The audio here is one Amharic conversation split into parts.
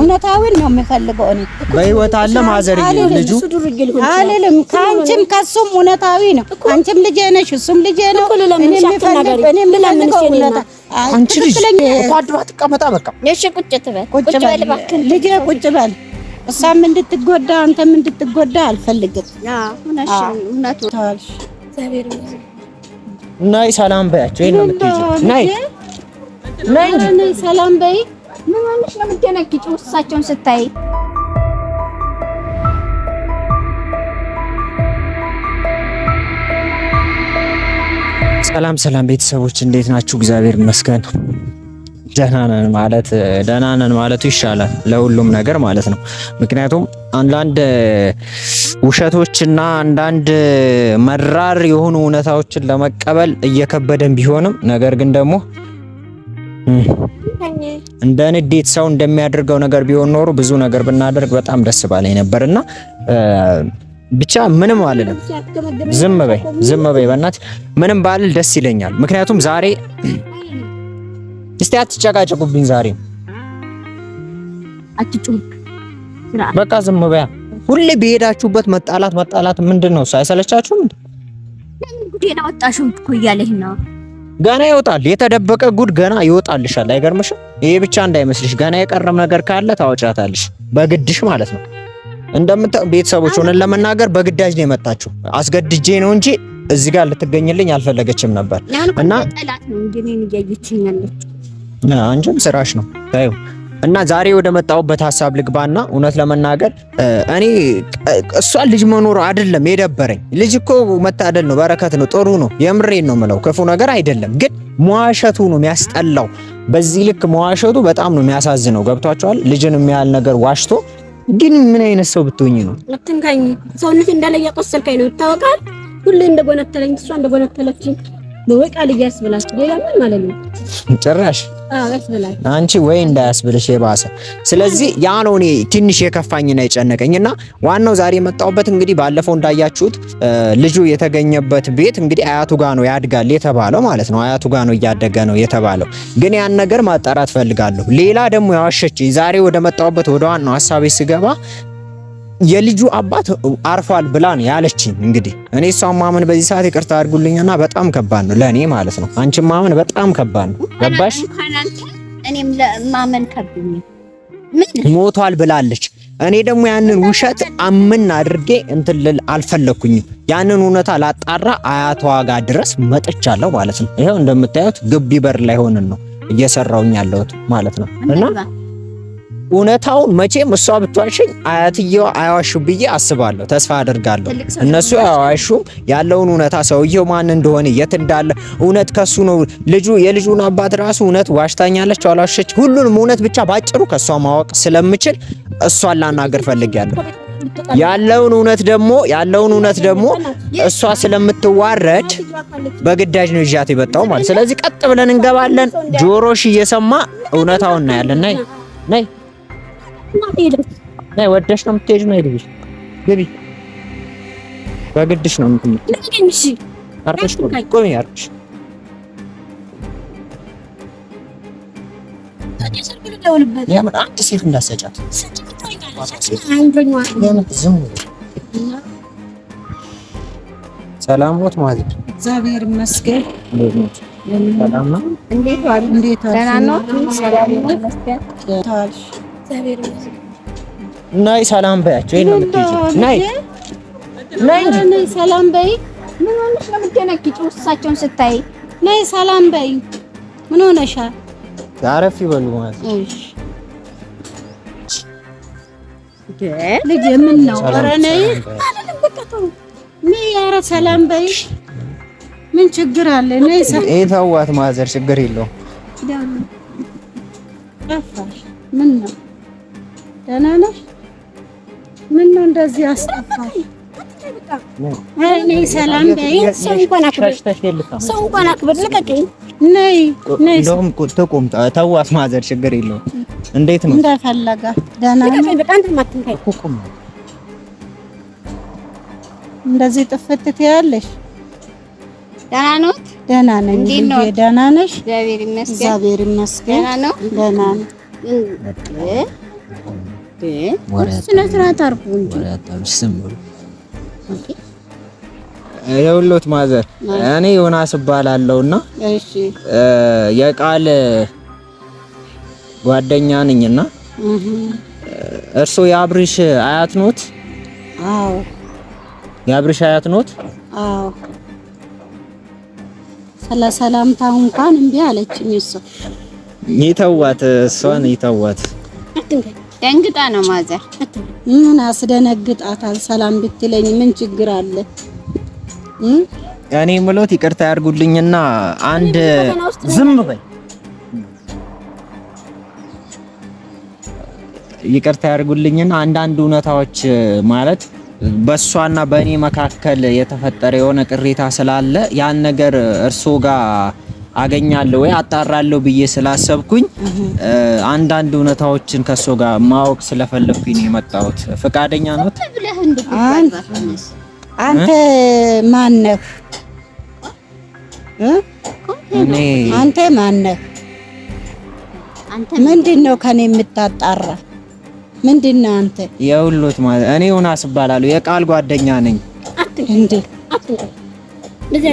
እውነታውን ነው የምፈልገው። እኔ በህይወት አለ ማዘር ልጁ አልልም። ከአንቺም ከሱም እውነታዊ ነው። አንቺም ልጄ ነሽ፣ እሱም ልጄ ነው። እኔ የምፈልገው እውነታ አንቺ ልጅ ኳድራ ትቀመጣ በቃ እሺ፣ ቁጭ ትበል፣ ቁጭ በል ልጄ፣ ቁጭ በል። እሷም እንድትጎዳ አንተም እንድትጎዳ አልፈልግም። ናይ ሰላም በያቸው። ይሄን ነው የምትይዘው። ናይ ናይ ሰላም በይ ምን ሆነሽ ነው የምትደነግጪው? እሳቸውን ስታይ ሰላም ሰላም ቤተሰቦች እንዴት ናችሁ? እግዚአብሔር ይመስገን ደህና ነን ማለት ደህና ነን ማለቱ ይሻላል ለሁሉም ነገር ማለት ነው። ምክንያቱም አንዳንድ ውሸቶችና አንዳንድ መራር የሆኑ እውነታዎችን ለመቀበል እየከበደን ቢሆንም ነገር ግን ደግሞ እንደ ንዴት ሰው እንደሚያደርገው ነገር ቢሆን ኖሮ ብዙ ነገር ብናደርግ በጣም ደስ ባለኝ ነበርና ብቻ ምንም አልልም። ዝም በይ ዝም በይ በእናት ምንም ባልል ደስ ይለኛል። ምክንያቱም ዛሬ እስቲ አትጨቃጨቁብኝ። ዛሬ በቃ ዝም በያ። ሁሌ በሄዳችሁበት መጣላት መጣላት ምንድን ነው? አይሰለቻችሁም? ለምን ጉዴ ነው ወጣሽው እኮ እያለኝ ነው ገና ይወጣል። የተደበቀ ጉድ ገና ይወጣልሻል። አይገርምሽም? ይሄ ብቻ እንዳይመስልሽ ገና የቀረም ነገር ካለ ታወጫታለሽ፣ በግድሽ ማለት ነው። እንደምታ ቤተሰቦች ሆነን ለመናገር በግዳጅ ነው የመጣችው። አስገድጄ ነው እንጂ እዚህ ጋር ልትገኝልኝ አልፈለገችም ነበር እና ነው አንቺም ስራሽ ነው ታዩ እና ዛሬ ወደ መጣሁበት ሀሳብ ልግባና እውነት ለመናገር እኔ እሷ ልጅ መኖሩ አይደለም የደበረኝ። ልጅ እኮ መታደል ነው፣ በረከት ነው፣ ጥሩ ነው። የምሬን ነው ምለው፣ ክፉ ነገር አይደለም። ግን መዋሸቱ ነው የሚያስጠላው። በዚህ ልክ መዋሸቱ በጣም ነው የሚያሳዝነው። ገብቷቸዋል። ልጅን የሚያህል ነገር ዋሽቶ ግን ምን አይነት ሰው ብትሆኝ ነው? አትንካኝ። ሰውነት እንዳለ እያቆሰልከኝ ነው ይታወቃል። ሁሌ እንደጎነተለኝ እሷ እንደጎነተለችኝ ወይ ቃል ሌላ ምን ማለት ነው? ጭራሽ አንቺ ወይ እንዳያስብልሽ የባሰ። ስለዚህ ያ ነው እኔ ትንሽ የከፋኝና የጨነቀኝ እና ዋናው ዛሬ የመጣሁበት እንግዲህ ባለፈው እንዳያችሁት ልጁ የተገኘበት ቤት እንግዲህ አያቱ ጋ ነው ያድጋል የተባለው ማለት ነው። አያቱ ጋ ነው እያደገ ነው የተባለው። ግን ያን ነገር ማጣራት ፈልጋለሁ። ሌላ ደግሞ ያዋሸች ዛሬ ወደ መጣሁበት ወደ ዋናው ሀሳቤ ስገባ የልጁ አባት አርፏል ብላን ያለችኝ። እንግዲህ እኔ እሷን ማመን በዚህ ሰዓት ይቅርታ አድርጉልኝና በጣም ከባድ ነው ለእኔ ማለት ነው። አንቺን ማመን በጣም ከባድ ነው። ገባሽ? ሞቷል ብላለች። እኔ ደግሞ ያንን ውሸት አምን አድርጌ እንትን ልል አልፈለኩኝም። ያንን እውነታ ላጣራ አያቷ ጋር ድረስ መጥቻለሁ ማለት ነው። ይኸው እንደምታዩት ግቢ በር ላይ ሆነን ነው እየሰራውኝ ያለሁት ማለት ነው እና እውነታውን መቼም እሷ ብትዋሸኝ አያትየው አያዋሹ ብዬ አስባለሁ፣ ተስፋ አደርጋለሁ። እነሱ አያዋሹም። ያለውን እውነታ ሰውየው ማን እንደሆነ የት እንዳለ እውነት ከሱ ነው። ልጁ የልጁን አባት ራሱ እውነት ዋሽታኛለች አልዋሸች፣ ሁሉንም እውነት ብቻ ባጭሩ ከእሷ ማወቅ ስለምችል እሷን ላናገር ፈልጊያለሁ። ያለውን እውነት ደግሞ ያለውን እውነት ደግሞ እሷ ስለምትዋረድ በግዳጅ ነው ይዣት የመጣው ማለት። ስለዚህ ቀጥ ብለን እንገባለን። ጆሮሽ እየሰማ እውነታውን እናያለን። ነይ ነይ እናቴ ወደሽ ነው የምትሄጂው ነው የሄድሽ። ግቢ በግድሽ ነው አንድ ሴት እንዳሰጫት ሰላም ወት ማለት እግዚአብሔር ይመስገን። ሰላም ነው። እንዴት ዋል? እንዴት ዋል? ሰላም ነው። ሰላም ነው። ናይ ሰላም በያቸው። ይሄን የምትይዙ ናይ ናይ ናይ ሰላም በይ። ምን ሆነሽ ነው የምትነኪጪው? እሳቸውን ስታይ ናይ ሰላም በይ። ምን ሆነሻል? አረፍ ይበሉ ማለት ነው። እሺ ልጄ ምን ነው? ኧረ ነይ አይደለም በቃ ተው። ነይ ኧረ ሰላም በይ። ምን ችግር አለ? ነይ ሰላም። የተዋት ማዘር ችግር የለውም። ምን ነው ደህና ነሽ? ምን ነው እንደዚህ አስጠፋሽ? ሰላም በይኝ። ሰው እንኳን ችግር የለውም። እንዴት ነው? እንደፈለገ ደህና ነው። በጣም እንደዚህ ጥፍት ትያለሽ። ደህና ነዎት? ደህና ነኝ። ደህና ነሽ? እግዚአብሔር ይመስገን። ደህና ነው። ደህና ነው። ስነ ስርዓት አርጉ እንጂ ማዘር እኔ ዮናስ እባላለሁና የቃል ጓደኛ እርሶ የአብርሽ አያት ኖት? አዎ የአብርሽ አያት ኖት? አዎ ስለ ሰላምታ እንኳን እምቢ አለችኝ። እሷ ይተዋት፣ እሷን ይተዋት። ደንግጣ ነው ማዘር። ምን አስደነግጣታል? ሰላም ብትለኝ ምን ችግር አለ? እኔ ምሎት ይቅርታ ያርጉልኝና አንድ ዝም በይ። ይቅርታ ያርጉልኝና አንዳንድ እውነታዎች ማለት በእሷና በእኔ መካከል የተፈጠረ የሆነ ቅሬታ ስላለ ያን ነገር እርሶ ጋር አገኛለሁ ወይ አጣራለሁ ብዬ ስላሰብኩኝ አንዳንድ እውነታዎችን ከእሱ ጋር ማወቅ ስለፈለኩኝ ነው የመጣሁት። ፈቃደኛ ነው? አንተ ነህ? እኔ አንተ ነህ? ምንድን ነው ከኔ የምታጣራ? ምንድን ነው አንተ? የሁሉት ማለት እኔ ዮናስ እባላለሁ። የቃል ጓደኛ ነኝ።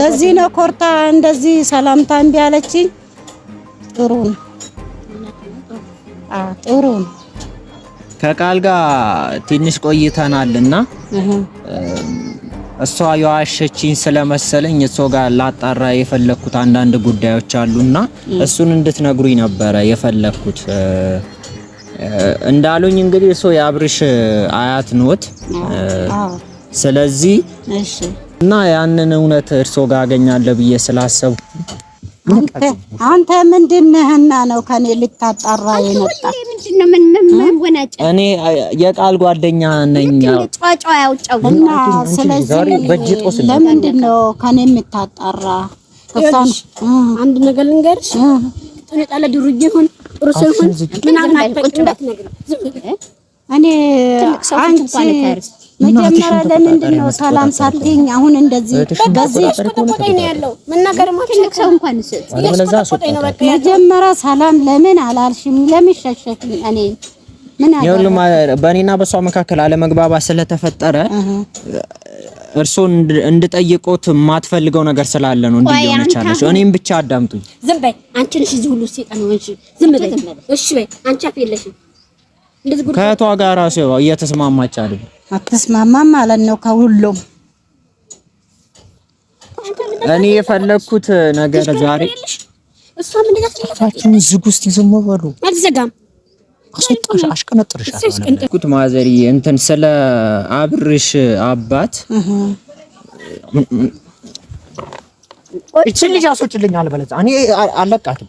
ለዚህ ነው ኮርታ እንደዚህ ሰላምታ እምቢ አለችኝ። ጥሩ ነው፣ ጥሩ ነው። ከቃል ጋር ትንሽ ቆይተናልና እሷ የዋሸችኝ ስለመሰለኝ እሷ ጋር ላጣራ የፈለኩት አንዳንድ ጉዳዮች አሉና እሱን እንድትነግሩኝ ነበረ የፈለኩት። እንዳሉኝ እንግዲህ እሷ የአብርሽ አያት ኖት። ስለዚህ እና ያንን እውነት እርሶ ጋር አገኛለሁ ብዬ ስላሰቡ አንተ ምንድነህና ነው ከኔ ልታጣራ የመጣ? እኔ የቃል ጓደኛ ነኝ። ስለዚህ ለምንድን ነው ከኔ የምታጣራ? አንድ ነገር ልንገርሽ እኔ አንቺ መጀመሪያ ለምንድን ነው ሰላም ሳትይኝ አሁን እንደዚህ በዚህ መጀመሪያ ሰላም ለምን አላልሽም? ለምን ሸሸሽኝ? እኔ በእኔና በሷ መካከል አለመግባባት ስለተፈጠረ እርሶ እንድጠይቆት የማትፈልገው ነገር ስላለ ነው እንዴ? እኔም ብቻ አዳምጡኝ። ዝም በይ አንቺ ነሽ እዚህ ሁሉ እንጂ ዝም በይ እሺ በይ አንቺ አፍ የለሽም ከእህቷ ጋር ራሱ እየተስማማች አይደል? አትስማማ ማለት ነው ከሁሉም እኔ የፈለግኩት ነገር ዛሬ እሷ ምን እንደዛችን ዝግ ውስጥ ዝም በሉ። አልዘጋም። አስወጣሽ እንትን ስለ አብርሽ አባት እቺ ልጅ አስወጭልኝ፣ አልበለዚያ እኔ አለቃትም።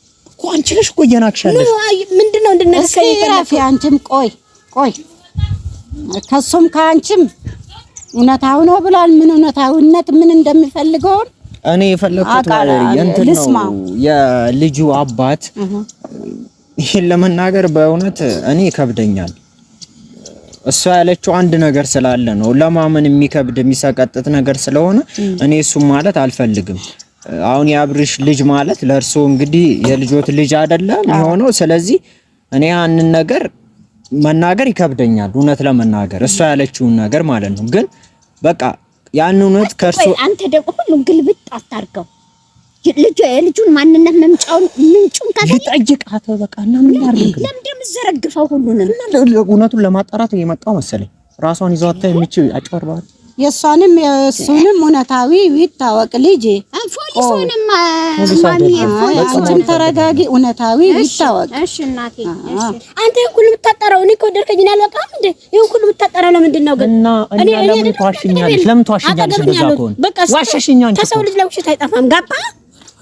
እኮ አንቺ ነሽ እኮ እየናክሻለሽ። ምንድን ነው እንድነግርሽ አንቺም ቆይ ቆይ፣ ከሱም ከአንቺም እውነታው ነው ብሏል። ምን እውነታዊነት ምን እንደሚፈልገውን እኔ የፈለኩት እንትን ነው የልጁ አባት። ይህን ለመናገር በእውነት እኔ ይከብደኛል። እሷ ያለችው አንድ ነገር ስላለ ነው ለማመን የሚከብድ የሚሰቀጥጥ ነገር ስለሆነ እኔ እሱም ማለት አልፈልግም። አሁን የአብርሽ ልጅ ማለት ለእርሱ እንግዲህ የልጆት ልጅ አይደለም የሆነው። ስለዚህ እኔ ያንን ነገር መናገር ይከብደኛል፣ እውነት ለመናገር እሷ ያለችውን ነገር ማለት ነው። ግን በቃ ያን እውነት ከእርሱ አንተ ደግሞ ሁሉ ግልብጥ አታርገው። ልጅ የልጁን ማንነት መምጫውን ምንጩን ካለ ልጠይቃት በቃ እና ምን ያርግ ለምን ዘረግፈው ሁሉንም እውነቱን ለማጣራት እየመጣው መሰለኝ ራሷን ይዟታ የሚችል አጭበርባሪ የእሷንም የእሱንም እውነታዊ ይታወቅ። ልጅ ፖሊሱንም አንቺም ተረጋጊ፣ እውነታዊ ይታወቅ። እሺ እናቴ፣ አንተ ይሄን ሁሉ የምታጠራው እኔ ከወደድከኝ አልበቃም እንዴ? ይሄን ሁሉ የምታጠራው ለምንድን ነው ግን? እና እኔ ለምን ትዋሽኛለሽ? ለምን ትዋሽኛለሽ? እንደዛ ከሆነ በቃ ዋሸሽኛ ከሰው ልጅ ለውሸት አይጠፋም። ገባ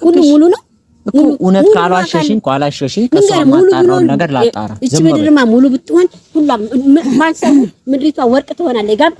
ሁሉ ሙሉ ነው እኮ እውነት ካላሸሽኝ ካላሸሽኝ ከሷ ማጣራውን ነገር ላጣራ። እቺ ምድርማ ሙሉ ብትሆን ሁሉ ማንሰሙ ምድሪቷ ወርቅ ትሆናለች። ገባ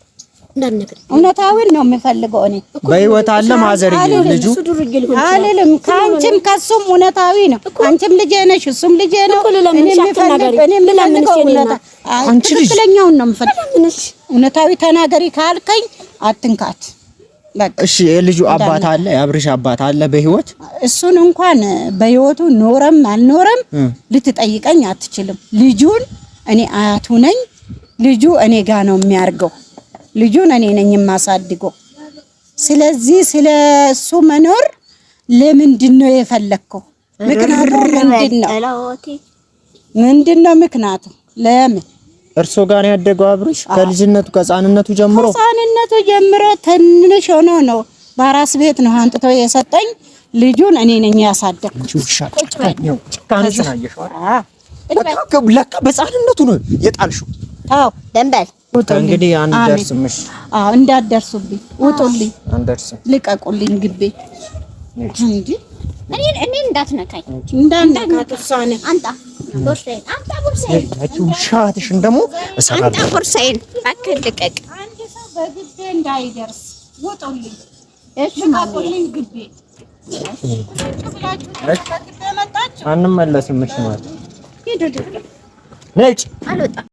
እውነታውን ነው የምፈልገው። እኔ በህይወት አለ ማዘር ልጁ አልልም፣ ከአንቺም ከሱም እውነታዊ ነው። አንቺም ልጄ ነሽ፣ እሱም ልጄ ነው። ትክክለኛውን ነው የምፈልገው። እውነታዊ ተናገሪ ካልከኝ አትንካት። እሺ የልጁ አባት አለ፣ የአብርሽ አባት አለ በህይወት እሱን እንኳን በህይወቱ ኖረም አልኖረም ልትጠይቀኝ አትችልም። ልጁን እኔ አያቱ ነኝ። ልጁ እኔ ጋ ነው የሚያርገው። ልጁን እኔ ነኝ የማሳድገው። ስለዚህ ስለ እሱ መኖር ለምንድን ነው የፈለግከው? ምክንያቱ ምንድን ነው? ምንድን ነው ምክንያቱ? ለምን እርሶ ጋር ያደገው አብሮሽ? ከልጅነቱ ከህፃንነቱ ጀምሮ ህፃንነቱ ጀምሮ ትንሽ ሆኖ ነው በአራስ ቤት ነው አንጥቶ የሰጠኝ። ልጁን እኔ ነኝ ያሳደግኩት። ለካ በህፃንነቱ ነው የጣልሽው። አዎ ደንበል እንግዲህ አንደርስምሽ። አዎ እንዳትደርሱብኝ፣ ውጡልኝ፣ ልቀቁልኝ እንጂ እንዳትነካኝ ደግሞ አንተ ቦርሳዬን እባክህ ልቀቅ። አንድ ሰው በግቤ እንዳይደርስ ውጡልኝ፣ አንመለስም። ነጭ አልወጣም